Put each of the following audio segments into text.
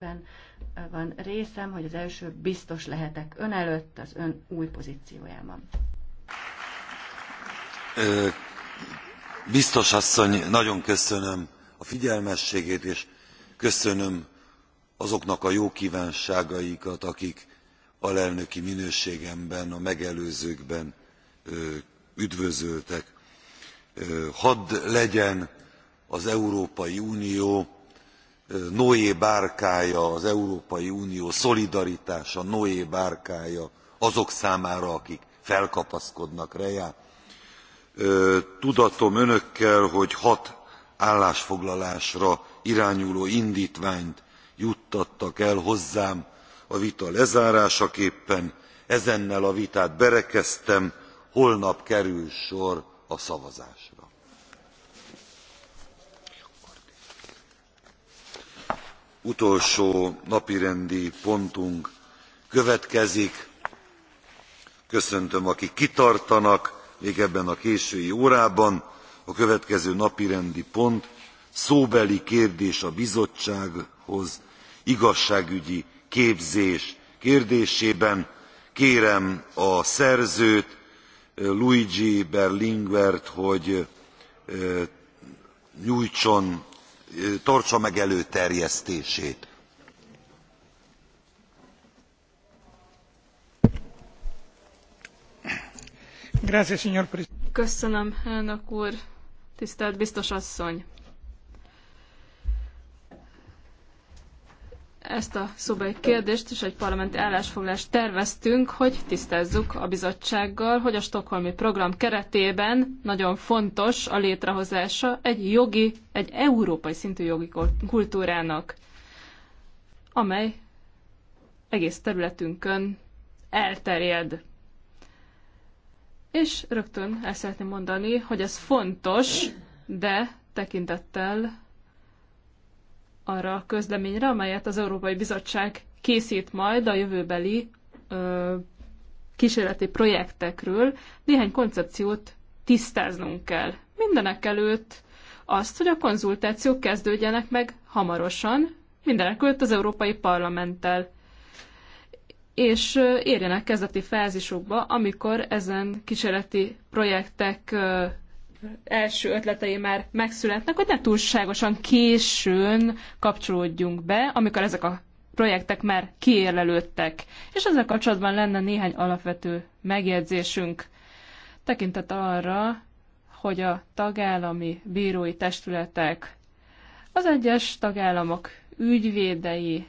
Ben van részem, hogy az első biztos lehetek ön előtt az ön új pozíciójában. Biztos asszony, nagyon köszönöm a figyelmességét, és köszönöm azoknak a jó kívánságaikat, akik alelnöki minőségemben, a megelőzőkben üdvözöltek. Hadd legyen az Európai Unió noé bárkája az európai unió szolidaritása noé bárkája azok számára akik felkapaszkodnak reá. tudatom önökkel hogy hat állásfoglalásra irányuló indtványt juttattak el hozzám a vita lezárásaképpen ezennel a vitát berekeztem holnap kerül sor a szavazásra. utolsó napirendi pontunk következik. köszöntöm akik kitartanak még ebben a késői órában. a következő napirendi pont szóbeli kérdés a bizottsághoz igazságügyi képzés kérdésében. kérem a szerzőt luigi berlinguert hogy eh, nyújtson tartsa meg előterjesztését. Köszönöm, elnök úr, tisztelt biztos asszony! ezt a szobai kérdést és egy parlamenti állásfoglalást terveztünk, hogy tisztázzuk a bizottsággal, hogy a Stockholmi program keretében nagyon fontos a létrehozása egy jogi, egy európai szintű jogi kultúrának, amely egész területünkön elterjed. És rögtön el szeretném mondani, hogy ez fontos, de tekintettel arra a közleményre, amelyet az Európai Bizottság készít majd a jövőbeli ö, kísérleti projektekről. Néhány koncepciót tisztáznunk kell. Mindenek előtt azt, hogy a konzultációk kezdődjenek meg hamarosan, mindenek előtt az Európai Parlamenttel és érjenek kezdeti fázisokba, amikor ezen kísérleti projektek első ötletei már megszületnek, hogy ne túlságosan későn kapcsolódjunk be, amikor ezek a projektek már kiérlelődtek. És ezzel kapcsolatban lenne néhány alapvető megjegyzésünk tekintet arra, hogy a tagállami bírói testületek, az egyes tagállamok ügyvédei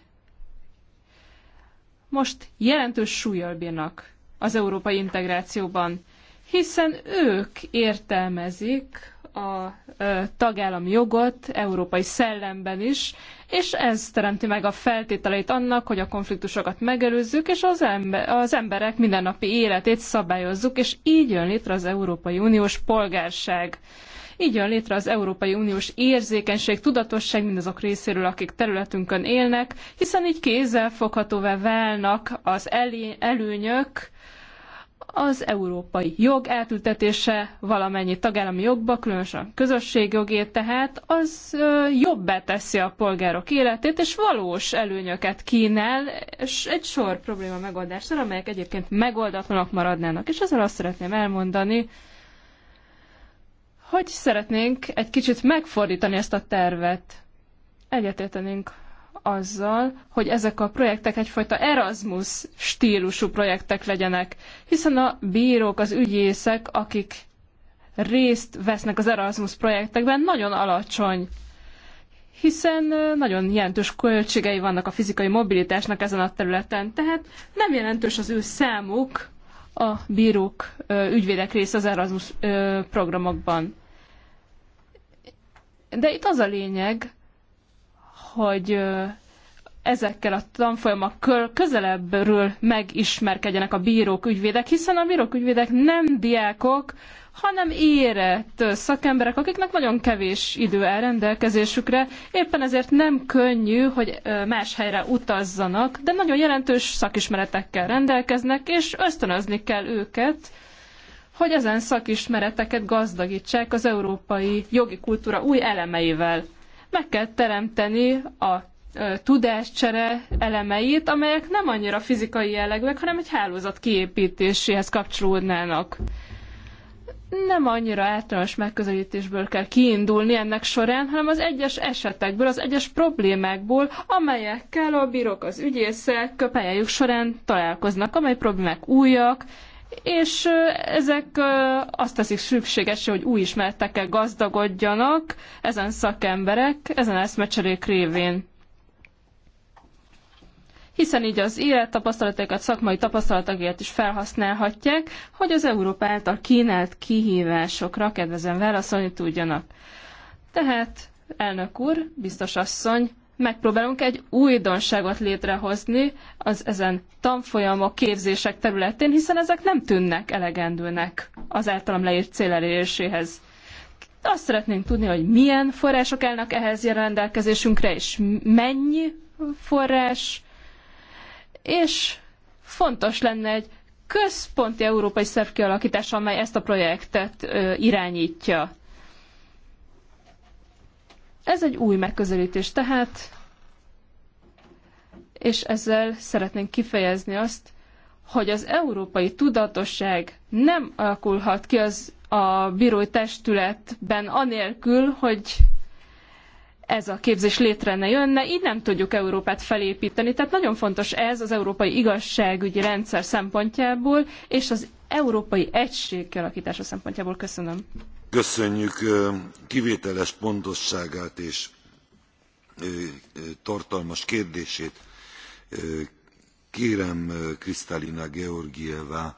most jelentős súlyjal bírnak az európai integrációban hiszen ők értelmezik a tagállami jogot európai szellemben is, és ez teremti meg a feltételeit annak, hogy a konfliktusokat megelőzzük, és az, ember, az emberek mindennapi életét szabályozzuk, és így jön létre az Európai Uniós polgárság. Így jön létre az Európai Uniós érzékenység, tudatosság mindazok részéről, akik területünkön élnek, hiszen így kézzelfoghatóvá válnak az elé, előnyök, az európai jog elültetése valamennyi tagállami jogba, különösen a közösség jogét tehát, az jobbá teszi a polgárok életét, és valós előnyöket kínál, és egy sor probléma megoldására, amelyek egyébként megoldatlanok maradnának. És ezzel azt szeretném elmondani, hogy szeretnénk egy kicsit megfordítani ezt a tervet. Egyetértenénk azzal, hogy ezek a projektek egyfajta Erasmus stílusú projektek legyenek, hiszen a bírók, az ügyészek, akik részt vesznek az Erasmus projektekben, nagyon alacsony hiszen nagyon jelentős költségei vannak a fizikai mobilitásnak ezen a területen, tehát nem jelentős az ő számuk a bírók, ügyvédek rész az Erasmus programokban. De itt az a lényeg, hogy ezekkel a tanfolyamokkal közelebbről megismerkedjenek a bírók, ügyvédek, hiszen a bírók, ügyvédek nem diákok, hanem érett szakemberek, akiknek nagyon kevés idő áll rendelkezésükre, éppen ezért nem könnyű, hogy más helyre utazzanak, de nagyon jelentős szakismeretekkel rendelkeznek, és ösztönözni kell őket, hogy ezen szakismereteket gazdagítsák az európai jogi kultúra új elemeivel meg kell teremteni a tudáscsere elemeit, amelyek nem annyira fizikai jellegűek, hanem egy hálózat kiépítéséhez kapcsolódnának. Nem annyira általános megközelítésből kell kiindulni ennek során, hanem az egyes esetekből, az egyes problémákból, amelyekkel a bírok, az ügyészek pályájuk során találkoznak, amely problémák újak, és ezek azt teszik szükségesé, hogy új ismertekkel gazdagodjanak ezen szakemberek, ezen eszmecserék révén hiszen így az élettapasztalatokat, szakmai tapasztalatokat is felhasználhatják, hogy az Európa által kínált kihívásokra kedvezően válaszolni tudjanak. Tehát, elnök úr, biztos asszony, megpróbálunk egy újdonságot létrehozni az ezen tanfolyamok, képzések területén, hiszen ezek nem tűnnek elegendőnek az általam leírt cél eléréséhez. Azt szeretnénk tudni, hogy milyen források állnak ehhez a rendelkezésünkre, és mennyi forrás, és fontos lenne egy központi európai szerv kialakítása, amely ezt a projektet irányítja ez egy új megközelítés tehát, és ezzel szeretnénk kifejezni azt, hogy az európai tudatosság nem alakulhat ki az a bírói testületben anélkül, hogy ez a képzés létre ne jönne, így nem tudjuk Európát felépíteni. Tehát nagyon fontos ez az európai igazságügyi rendszer szempontjából, és az európai egység kialakítása szempontjából. Köszönöm köszönjük kivételes pontosságát és tartalmas kérdését. kérem kristalina Georgieva,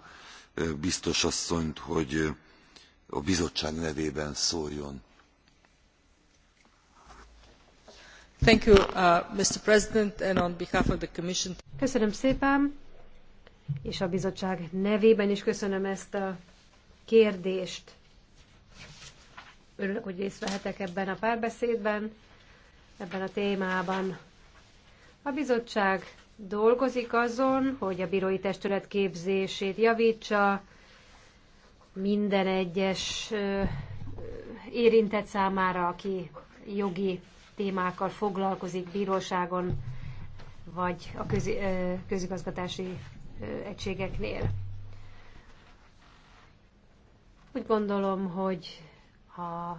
biztos asszonyt hogy a bizottság nevében szóljon. You, uh, commission... köszönöm szépen és a bizottság nevében is köszönöm ezt a kérdést. Örülök, hogy részt vehetek ebben a párbeszédben, ebben a témában. A bizottság dolgozik azon, hogy a bírói testület képzését javítsa, minden egyes érintett számára, aki jogi témákkal foglalkozik bíróságon, vagy a köz, közigazgatási egységeknél. Úgy gondolom, hogy a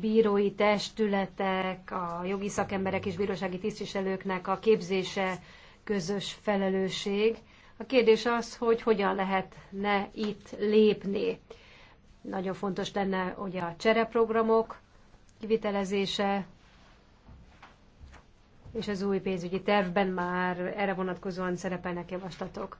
bírói testületek, a jogi szakemberek és bírósági tisztviselőknek a képzése közös felelősség. A kérdés az, hogy hogyan lehetne itt lépni. Nagyon fontos lenne ugye a csereprogramok kivitelezése, és az új pénzügyi tervben már erre vonatkozóan szerepelnek javaslatok.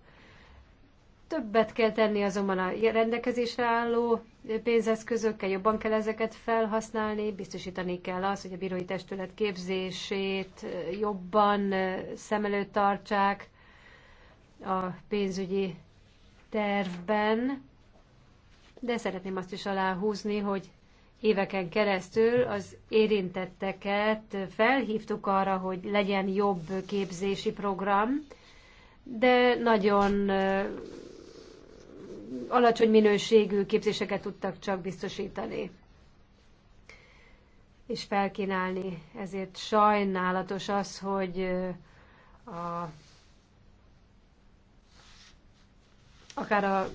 Többet kell tenni azonban a rendelkezésre álló pénzeszközökkel, jobban kell ezeket felhasználni, biztosítani kell az, hogy a bírói testület képzését jobban szem előtt tartsák a pénzügyi tervben, de szeretném azt is aláhúzni, hogy éveken keresztül az érintetteket felhívtuk arra, hogy legyen jobb képzési program, de nagyon alacsony minőségű képzéseket tudtak csak biztosítani és felkínálni. Ezért sajnálatos az, hogy a, akár a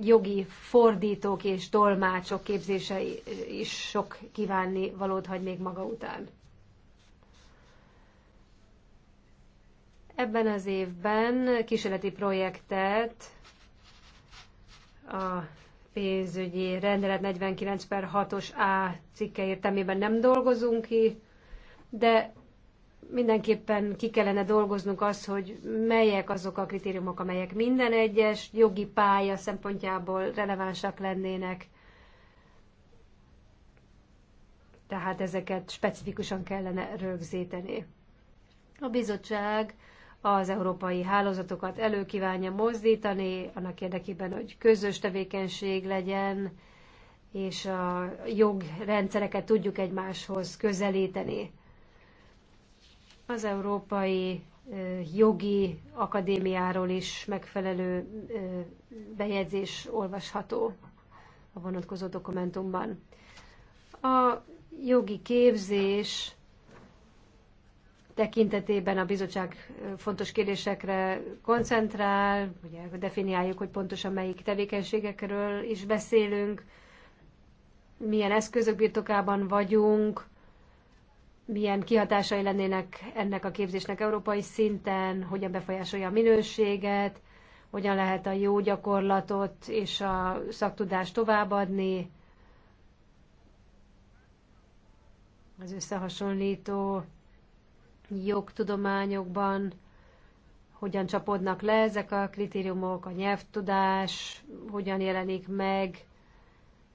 jogi fordítók és tolmácsok képzése is sok kívánni valót hagy még maga után. Ebben az évben kísérleti projektet a pénzügyi rendelet 49 per 6-os A cikke értelmében nem dolgozunk ki, de mindenképpen ki kellene dolgoznunk azt, hogy melyek azok a kritériumok, amelyek minden egyes jogi pálya szempontjából relevánsak lennének. Tehát ezeket specifikusan kellene rögzíteni. A bizottság az európai hálózatokat elő kívánja mozdítani, annak érdekében, hogy közös tevékenység legyen, és a jogrendszereket tudjuk egymáshoz közelíteni. Az Európai Jogi Akadémiáról is megfelelő bejegyzés olvasható a vonatkozó dokumentumban. A jogi képzés tekintetében a bizottság fontos kérdésekre koncentrál, ugye definiáljuk, hogy pontosan melyik tevékenységekről is beszélünk, milyen eszközök birtokában vagyunk, milyen kihatásai lennének ennek a képzésnek európai szinten, hogyan befolyásolja a minőséget, hogyan lehet a jó gyakorlatot és a szaktudást továbbadni, az összehasonlító jogtudományokban hogyan csapodnak le ezek a kritériumok, a nyelvtudás, hogyan jelenik meg,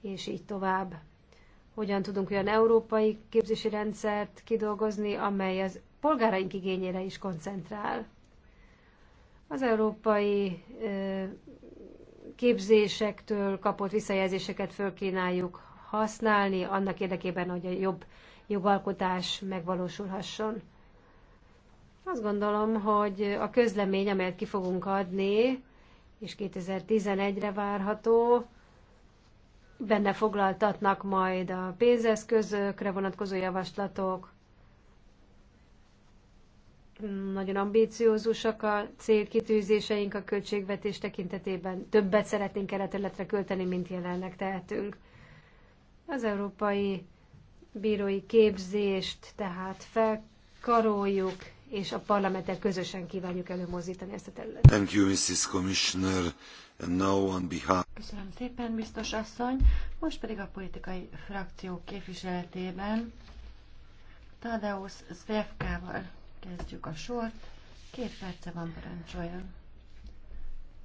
és így tovább. Hogyan tudunk olyan európai képzési rendszert kidolgozni, amely az polgáraink igényére is koncentrál. Az európai képzésektől kapott visszajelzéseket fölkínáljuk használni, annak érdekében, hogy a jobb jogalkotás megvalósulhasson. Azt gondolom, hogy a közlemény, amelyet ki fogunk adni, és 2011-re várható, benne foglaltatnak majd a pénzeszközökre vonatkozó javaslatok, nagyon ambíciózusak a célkitűzéseink a költségvetés tekintetében. Többet szeretnénk keretületre költeni, mint jelenleg tehetünk. Az európai bírói képzést tehát felkaroljuk, és a parlamenttel közösen kívánjuk előmozdítani ezt a területet. Thank you, Mrs. Commissioner. And now on behalf... Köszönöm szépen, biztos asszony. Most pedig a politikai frakciók képviseletében Tadeusz Zvevkával kezdjük a sort. Két perce van, parancsoljon.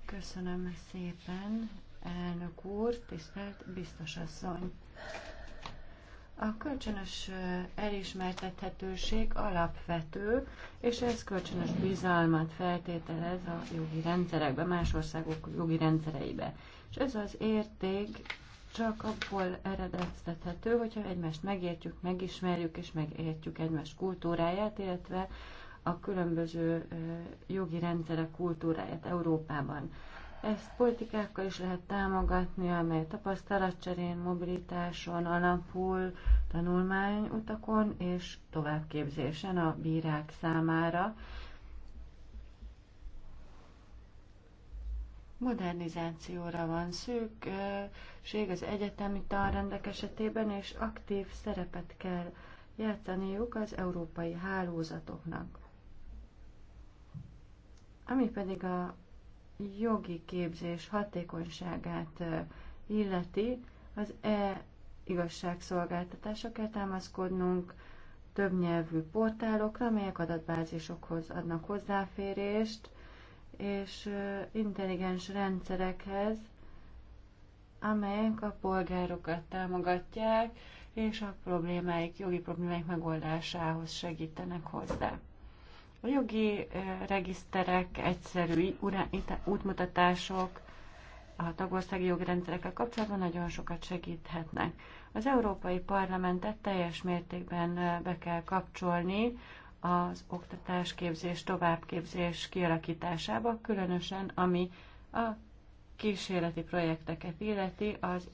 Köszönöm szépen, elnök úr, tisztelt biztos asszony. A kölcsönös elismertethetőség alapvető, és ez kölcsönös bizalmat feltételez a jogi rendszerekbe, más országok jogi rendszereibe. És ez az érték csak abból eredeztethető, hogyha egymást megértjük, megismerjük és megértjük egymás kultúráját, illetve a különböző jogi rendszerek kultúráját Európában. Ezt politikákkal is lehet támogatni, amely tapasztalatcserén, mobilitáson alapul, tanulmányutakon és továbbképzésen a bírák számára. Modernizációra van szükség az egyetemi tanrendek esetében, és aktív szerepet kell játszaniuk az európai hálózatoknak. Ami pedig a jogi képzés hatékonyságát illeti, az e igazságszolgáltatásra kell támaszkodnunk, többnyelvű portálokra, amelyek adatbázisokhoz adnak hozzáférést, és intelligens rendszerekhez, amelyek a polgárokat támogatják, és a problémáik, jogi problémáik megoldásához segítenek hozzá. A jogi regiszterek, egyszerű útmutatások a tagországi jogrendszerekkel kapcsolatban nagyon sokat segíthetnek. Az Európai Parlamentet teljes mértékben be kell kapcsolni az oktatás-képzés, továbbképzés kialakításába, különösen ami a kísérleti projekteket illeti az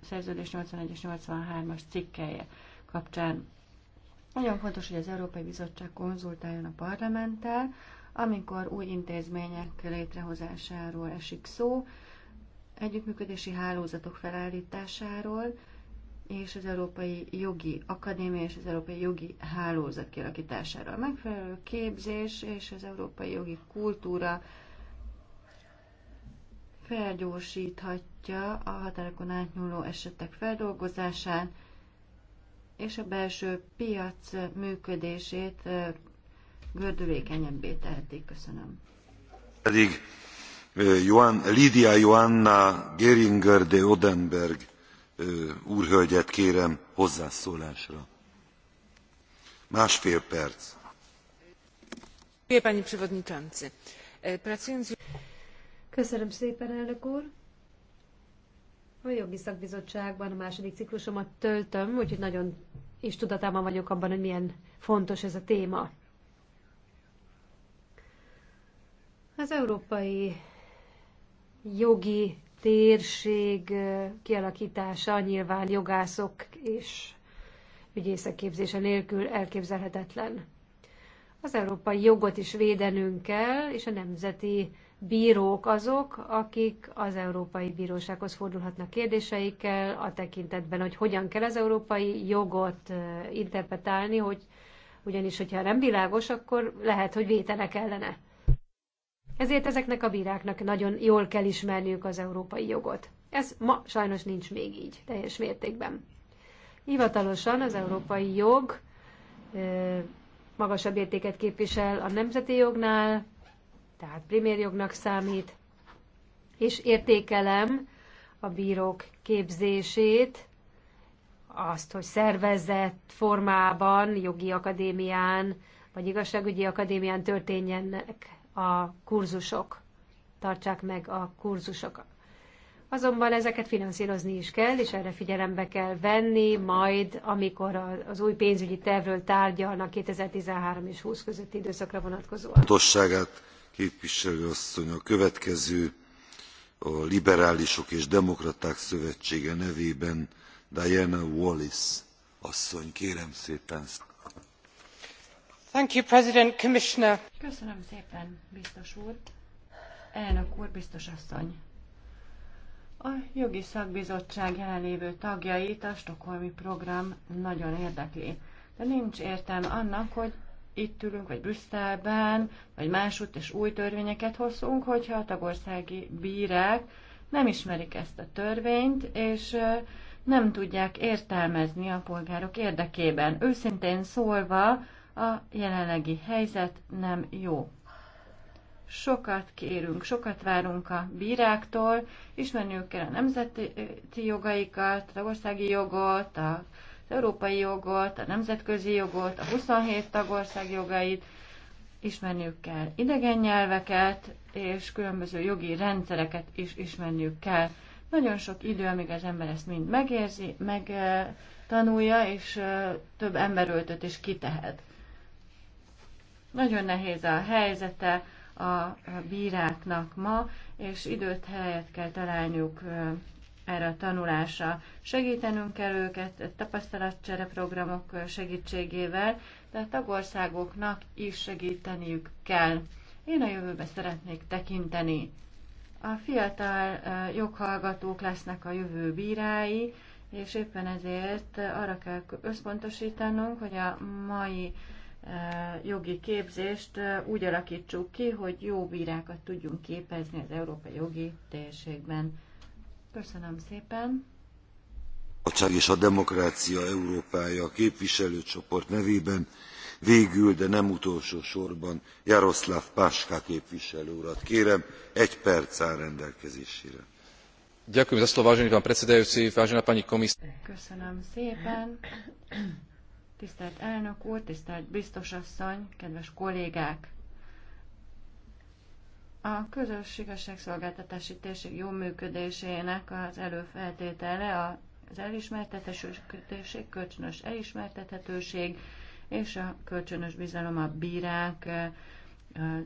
szerződés 81 és 83-as cikkelje kapcsán. Nagyon fontos, hogy az Európai Bizottság konzultáljon a parlamenttel, amikor új intézmények létrehozásáról esik szó, együttműködési hálózatok felállításáról, és az Európai Jogi Akadémia és az Európai Jogi Hálózat kialakításáról. Megfelelő képzés és az európai jogi kultúra felgyorsíthatja a határokon átnyúló esetek feldolgozásán, és a belső piac működését gördülékenyebbé tehetik. Köszönöm. Pedig Joan, Lidia Joanna Geringer de Odenberg úrhölgyet kérem hozzászólásra. Másfél perc. E, Köszönöm szépen, elnök úr! A jogi szakbizottságban a második ciklusomat töltöm, úgyhogy nagyon is tudatában vagyok abban, hogy milyen fontos ez a téma. Az európai jogi térség kialakítása nyilván jogászok és ügyészek képzése nélkül elképzelhetetlen. Az európai jogot is védenünk kell, és a nemzeti bírók azok, akik az Európai Bírósághoz fordulhatnak kérdéseikkel, a tekintetben, hogy hogyan kell az európai jogot interpretálni, hogy ugyanis, hogyha nem világos, akkor lehet, hogy vétenek ellene. Ezért ezeknek a bíráknak nagyon jól kell ismerniük az európai jogot. Ez ma sajnos nincs még így, teljes mértékben. Hivatalosan az európai jog magasabb értéket képvisel a nemzeti jognál, tehát primérjognak számít, és értékelem a bírók képzését, azt, hogy szervezett formában, jogi akadémián, vagy igazságügyi akadémián történjenek a kurzusok, tartsák meg a kurzusokat. Azonban ezeket finanszírozni is kell, és erre figyelembe kell venni, majd amikor az új pénzügyi tervről tárgyalnak 2013 és 20 közötti időszakra vonatkozóan. Tosságát képviselő asszony! a következő a liberálisok és demokraták szövetsége nevében diana wallis asszony. kérem szépen! You, Köszönöm szépen, biztos úr. Elnök úr, biztos asszony. A jogi szakbizottság jelenlévő tagjait a Stockholmi program nagyon érdekli, de nincs értelme annak, hogy itt ülünk, vagy Brüsszelben, vagy másutt, és új törvényeket hozunk, hogyha a tagországi bírák nem ismerik ezt a törvényt, és nem tudják értelmezni a polgárok érdekében. Őszintén szólva, a jelenlegi helyzet nem jó. Sokat kérünk, sokat várunk a bíráktól, ismerniük kell a nemzeti jogaikat, a országi jogot, a az európai jogot, a nemzetközi jogot, a 27 tagország jogait, ismerniük kell idegen nyelveket, és különböző jogi rendszereket is ismerniük kell. Nagyon sok idő, amíg az ember ezt mind megérzi, megtanulja, és több emberöltöt is kitehet. Nagyon nehéz a helyzete a bíráknak ma, és időt, helyet kell találniuk erre a tanulásra. Segítenünk kell őket tapasztalatcsere programok segítségével, de a tagországoknak is segíteniük kell. Én a jövőbe szeretnék tekinteni. A fiatal joghallgatók lesznek a jövő bírái, és éppen ezért arra kell összpontosítanunk, hogy a mai jogi képzést úgy alakítsuk ki, hogy jó bírákat tudjunk képezni az európai jogi térségben. Köszönöm szépen. A és a Demokrácia Európája képviselőcsoport nevében végül, de nem utolsó sorban Jaroszláv Páska képviselő urat kérem, egy perc áll rendelkezésére. Ďakujem za slovo, vážený pán predsedajúci, vážená pani komisár. Köszönöm szépen. Tisztelt elnök úr, tisztelt biztos asszony, kedves kollégák! A közös szolgáltatási térség jó működésének az előfeltétele az elismertetésség, kölcsönös elismertethetőség és a kölcsönös bizalom a bírák,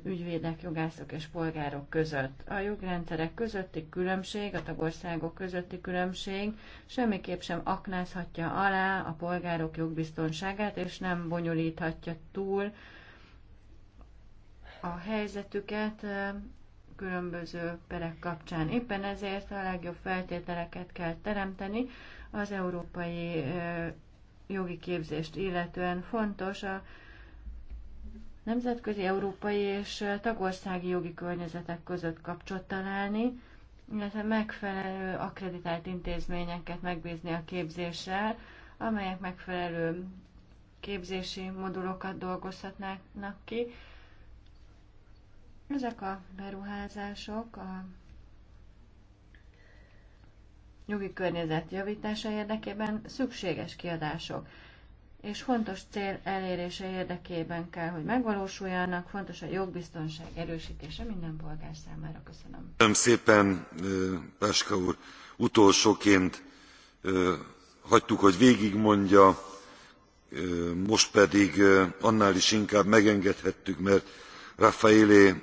ügyvédek, jogászok és polgárok között. A jogrendszerek közötti különbség, a tagországok közötti különbség semmiképp sem aknázhatja alá a polgárok jogbiztonságát, és nem bonyolíthatja túl a helyzetüket különböző perek kapcsán. Éppen ezért a legjobb feltételeket kell teremteni az európai jogi képzést illetően. Fontos a nemzetközi, európai és tagországi jogi környezetek között kapcsot találni, illetve megfelelő akkreditált intézményeket megbízni a képzéssel, amelyek megfelelő képzési modulokat dolgozhatnának ki, ezek a beruházások a jogi környezet javítása érdekében szükséges kiadások, és fontos cél elérése érdekében kell, hogy megvalósuljanak, fontos a jogbiztonság erősítése minden polgár számára. Köszönöm. Köszönöm szépen, Páska úr. Utolsóként hagytuk, hogy végigmondja, most pedig annál is inkább megengedhettük, mert Raffaele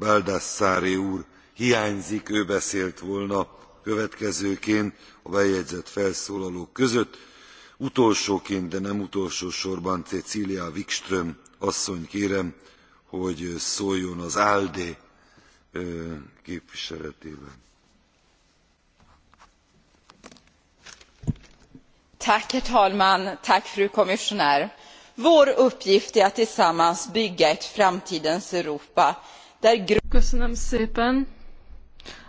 baldassarre úr hiányzik ő beszélt volna következőként a bejegyzett felszólalók között utolsóként de nem utolsó sorban cecilia wikström asszonyt kérem hogy szóljon az alde képviseletében. herr talman! tack fru kommissionär! vår uppgift är att tillsammans bygga ett framtidens europa. Köszönöm szépen.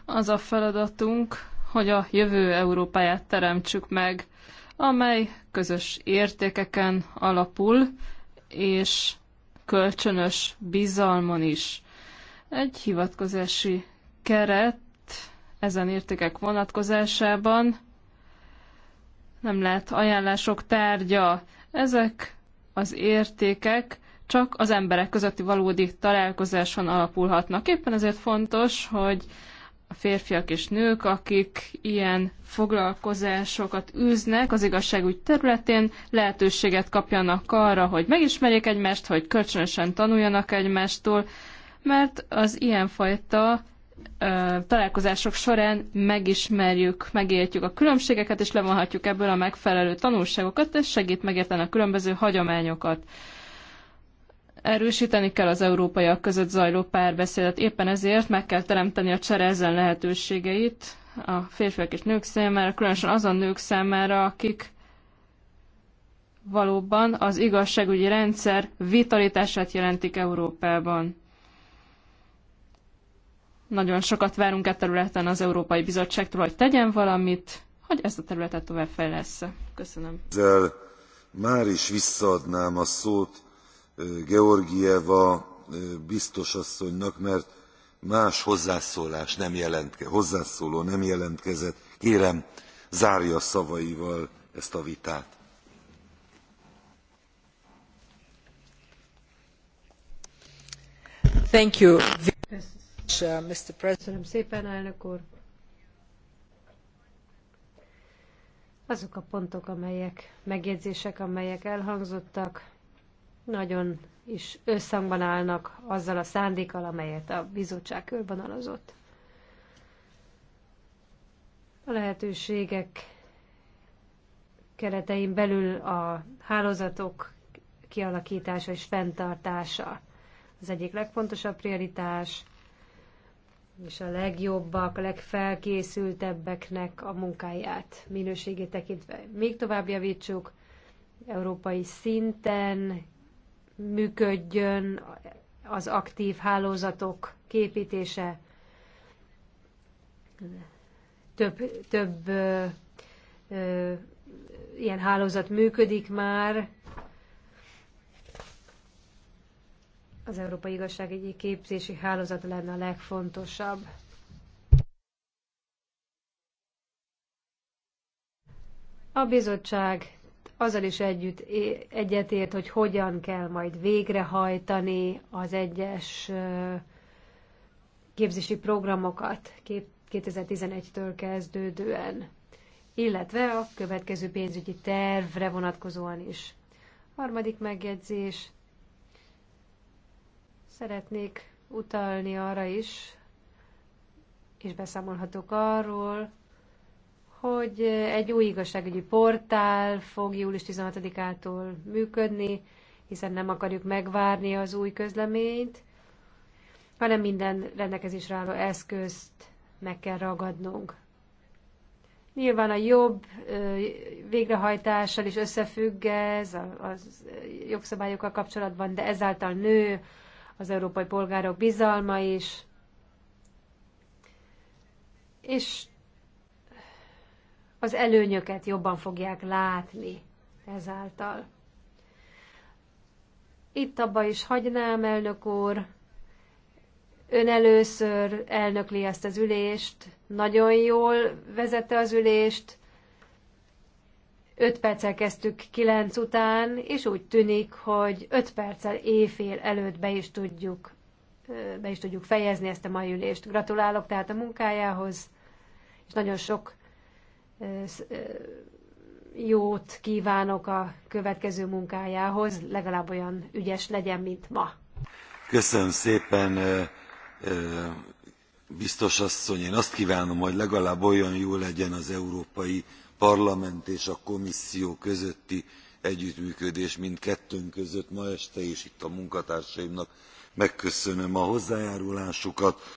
Az a feladatunk, hogy a jövő Európáját teremtsük meg, amely közös értékeken alapul, és kölcsönös bizalmon is. Egy hivatkozási keret ezen értékek vonatkozásában nem lehet ajánlások tárgya. Ezek az értékek csak az emberek közötti valódi találkozáson alapulhatnak. Éppen ezért fontos, hogy a férfiak és nők, akik ilyen foglalkozásokat űznek az igazságügy területén, lehetőséget kapjanak arra, hogy megismerjék egymást, hogy kölcsönösen tanuljanak egymástól, mert az ilyenfajta találkozások során megismerjük, megértjük a különbségeket, és levonhatjuk ebből a megfelelő tanulságokat, és segít megérteni a különböző hagyományokat. Erősíteni kell az európaiak között zajló párbeszédet, éppen ezért meg kell teremteni a csere ezen lehetőségeit a férfiak és nők számára, különösen azon nők számára, akik valóban az igazságügyi rendszer vitalitását jelentik Európában. Nagyon sokat várunk e területen az Európai Bizottságtól, hogy tegyen valamit, hogy ezt a területet tovább fejlesz. Köszönöm. Ezzel már is visszaadnám a szót georgieva biztos asszonynak mert más hozzászólás nem jelentke, hozzászóló nem jelentkezett. kérem zárja szavaival ezt a vitát. Thank you. Mr. President. Szépen, elnök úr. Azok a pontok, amelyek megjegyzések, amelyek elhangzottak, nagyon is összhangban állnak azzal a szándékkal, amelyet a bizottság körvonalazott. A lehetőségek keretein belül a hálózatok kialakítása és fenntartása az egyik legfontosabb prioritás, és a legjobbak, a legfelkészültebbeknek a munkáját minőségét tekintve még tovább javítsuk, európai szinten működjön az aktív hálózatok képítése, több, több ö, ö, ilyen hálózat működik már. Az Európai igazság egy Képzési Hálózat lenne a legfontosabb. A bizottság azzal is együtt egyetért, hogy hogyan kell majd végrehajtani az egyes képzési programokat 2011-től kezdődően, illetve a következő pénzügyi tervre vonatkozóan is. Harmadik megjegyzés. Szeretnék utalni arra is, és beszámolhatok arról, hogy egy új igazságügyi portál fog július 16-ától működni, hiszen nem akarjuk megvárni az új közleményt, hanem minden rendelkezésre álló eszközt meg kell ragadnunk. Nyilván a jobb végrehajtással is összefügg ez a, jogszabályokkal kapcsolatban, de ezáltal nő az európai polgárok bizalma is, és az előnyöket jobban fogják látni ezáltal. Itt abba is hagynám, elnök úr. Ön először elnökli ezt az ülést, nagyon jól vezette az ülést, Öt perccel kezdtük kilenc után, és úgy tűnik, hogy öt perccel éjfél előtt be is tudjuk be is tudjuk fejezni ezt a mai ülést. Gratulálok tehát a munkájához, és nagyon sok jót kívánok a következő munkájához, legalább olyan ügyes legyen, mint ma. Köszönöm szépen, biztos asszony. Én azt kívánom, hogy legalább olyan jó legyen az Európai Parlament és a Komisszió közötti együttműködés kettőnk között ma este, és itt a munkatársaimnak megköszönöm a hozzájárulásukat.